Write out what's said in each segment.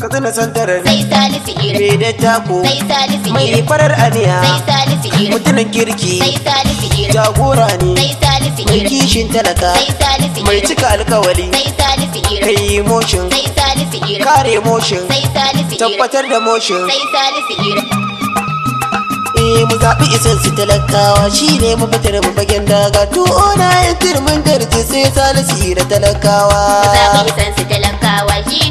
katsina santar sai salisu Me da tako sai salisu ira mai farar aniya sai salisu ira mutumin kirki sai salisu ira jagora ne sai salisu ira mai kishin talaka sai salisu ira mai cika alkawali sai salisu ira kai motion sai salisu ira kare motion sai salisu ira tabbatar da motion sai salisu ira mu zaɓi isan su talakawa shi ne mu fitar mu fagen daga tu'o na yin turmin darje sai salisu ira talakawa mu zaɓi isan su talakawa shi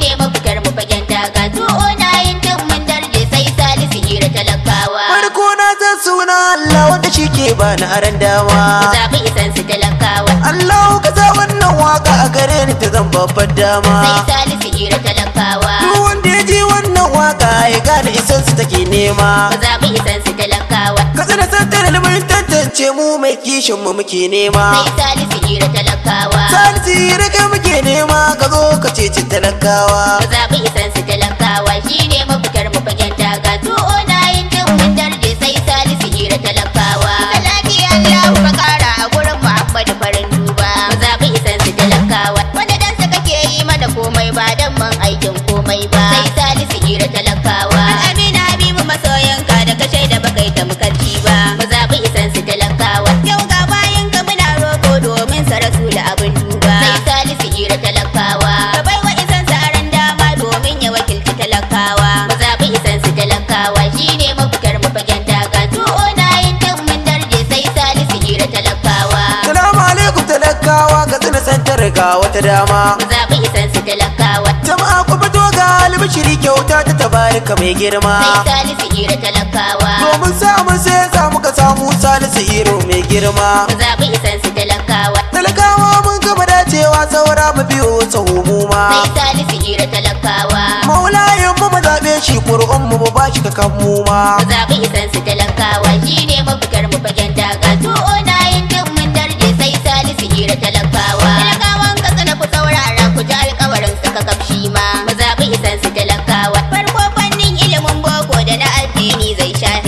shi ke ba na aran dama zaɓi isan su talakawa Allahu ka sa wannan waka a gare ni ta zan babbar dama sai salisu ira talakawa duk wanda ya ji wannan waka ya gane isan su take nema zaɓi isan su talakawa ka tsina santar ilimin tantance mu mai kishin mu muke nema sai salisu ira talakawa salisu ira kai muke nema ka zo ka ceci talakawa zaɓi isan su talakawa shi ne ga wata dama zaɓi isan su talakawa jama'a ku fito ga albishiri kyauta ta tabarika mai girma mai salisu ta talakawa domin samun sai za mu ka samu salisu iro mai girma zaɓi isan su talakawa talakawa mun gaba dacewa saura mu biyo sahu mu ma mai salisu ta talakawa Maula mu mu zaɓe shi ƙuri'un mu ba shi kakan mu ma zaɓi isan su talakawa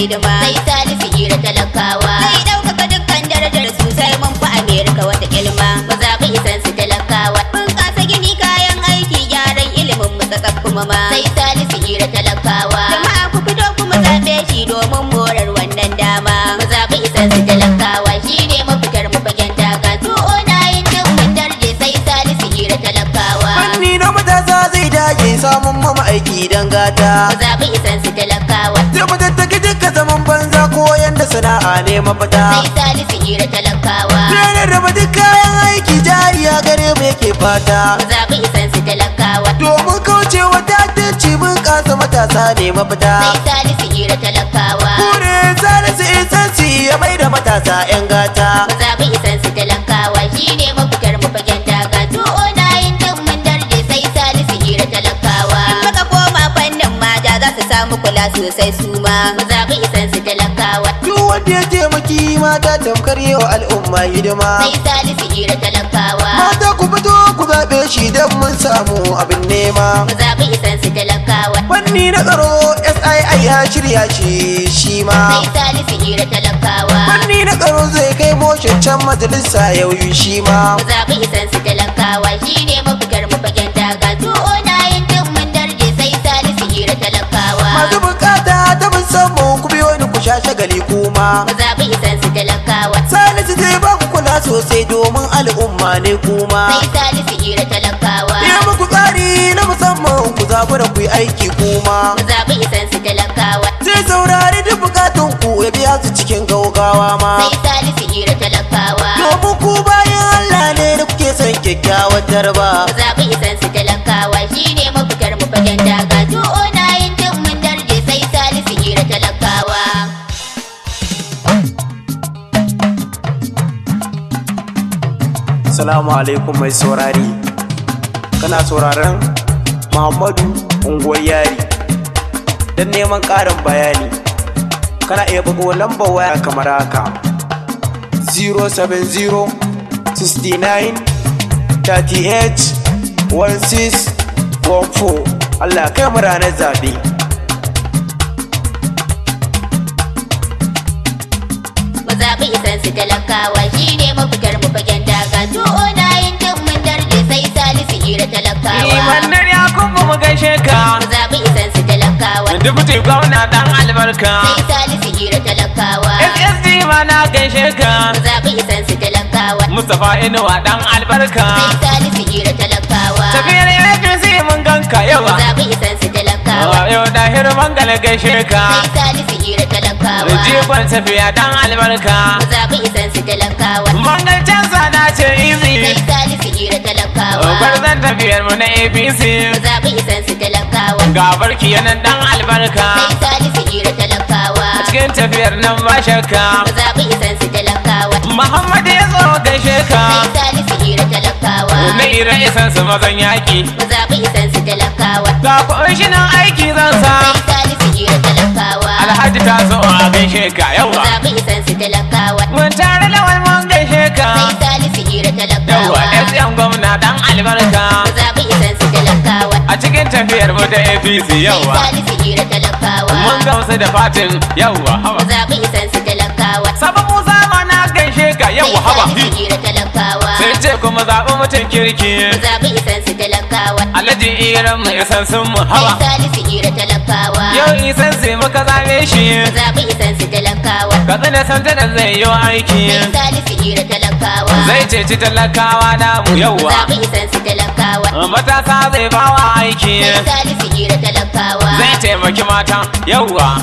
sai zai salisu hira talakawa zai ɗaukaka dukkan darajar su sai mun fi amerika wata ilma ba za mu isan su talakawa Mun kasa gini kayan aiki gyaran ilimin mu tsakar kuma ma zai salisu hira talakawa jama'a ku fito kuma zaɓe shi domin morar wannan dama ba za mu isan su talakawa shi ne mafitar mu fagen su ona yin dukkan darje sai salisu hira talakawa. Fanni na zai dage samun mama aiki don gata. Ba za mu isan su talakawa. Kashe mu daddaki duka zaman banza ko yanda sana'a ne mafita. Sai salisu hira talakawa. Ranar raba duk kayan aiki jariya gare mu yake fata. Ku zaɓi isan su talakawa. Domin kauce wa dadanci mun kasa matasa ne mafita. Sai salisu hira talakawa. Kure salisu isan su iya mai da matasa 'yan gata. Ku zaɓi isan sai su ma mu isan su talakawa. Duk wanda ya taimaki mata tamkar wa al'umma hidima. Sai salisu hira talakawa. Mata ku fito ku zaɓe shi don mun samu abin nema. Mu zaɓi isan su talakawa. Fanni na tsaro SII ya shirya shi shi ma. Sai salisu hira talakawa. Fanni na tsaro zai kai moshin can majalisa yau shi ma. Mu zaɓi isan su talakawa shi ne mafi masu bukata ta musamman ku biyo ni ku sha shagali kuma ku zaɓi isan su talakawa salisu zai ba ku kula sosai domin al'umma ne kuma sai salisu ira talakawa ya muku tsari na musamman ku zaɓi da ku yi aiki kuma ku zaɓi isan su talakawa sai saurari duk bukatun ku ya biya su cikin gaugawa ma sai salisu ira talakawa domin ku bayan Allah ne da kuke son kyakkyawar tarba ku zaɓi isan Assalamu alaikum mai saurari. Kana sauraron Muhammadu unguwar yari. Don neman ƙarin bayani, kana iya bugo lambar waya kamar haka. 070 69 38 16 14 Allah kai mu ranar zabe. zaɓi isansu talakawa shi ne mafitar mu fage da talakawa eh, mu gaishe ka mu dan albarka sai salisu talakawa ssd ma na gaishe mu isan su mustapha inuwa dan albarka sai salisu hira talakawa tafiyar yankin sai mun ganka yawa mu isan su talakawa oh, yau da hirman gala gaishe ka sai salisu hira talakawa jifan tafiya dan albarka mu su talakawa Mungar canza na ce easy Kai salisu hira talakawa Gwarzon tafiyar mu na APC Zaɓi isan su talakawa Ga barki yanan dan albarka Kai salisu hira talakawa Cikin tafiyar nan ba shakka Zaɓi isan su talakawa Muhammad ya zo gaishe ka Kai salisu hira talakawa Na ira isan su mazan yaƙi Zaɓi isan su talakawa Ga nan aiki zan sa Kai salisu kungiyar talakawa alhaji ta zo a gaishe ka yawa zaɓi isan su talakawa mun tare da wani mun gaishe ka sai salisu hira talakawa yawa sm gwamna dan albarka za mu isan su talakawa a cikin tafiyar mu ta apc yawa sai salisu hira talakawa mun gamsu da fatin yawa hawa mu isan su talakawa sabon musa ma na gaishe ka yawa hawa sai salisu hira talakawa Mirce kuma zaɓi mutum kirki. Zaɓi isan su talakawa. Alhaji iran mu isan sun mu hawa. Kai salisu talakawa. Yau isan su muka zaɓe shi. Zaɓi isan su talakawa. talakawa ka tsane san tana zai yi aiki misali su jira talakawa zai ceci talakawa na mu za zaɓi isan su talakawa matasa zai bawa aiki misali su jira talakawa zai taimaki mata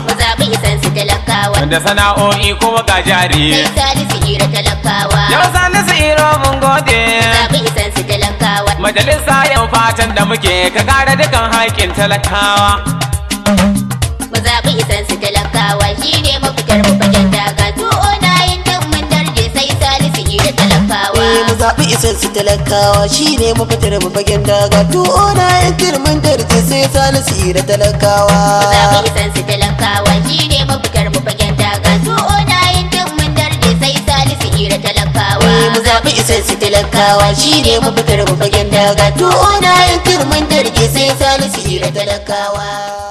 za zaɓi isan su talakawa da sana'o'i ko ga jari misali su jira talakawa yau sani su iro mun gode zaɓi isan su talakawa majalisa yan fatan da muke ka kare dukan haƙƙin talakawa Mu zaɓi isan su talakawa shi ne mu isan su talakawa shine mafitar mafagen daga talakawa mu isan su talakawa shine mafitar mafagen daga tu'o na yan girman darje sai sani talakawa isan su talakawa shine mafitar fagen daga na yan darje sai su ira talakawa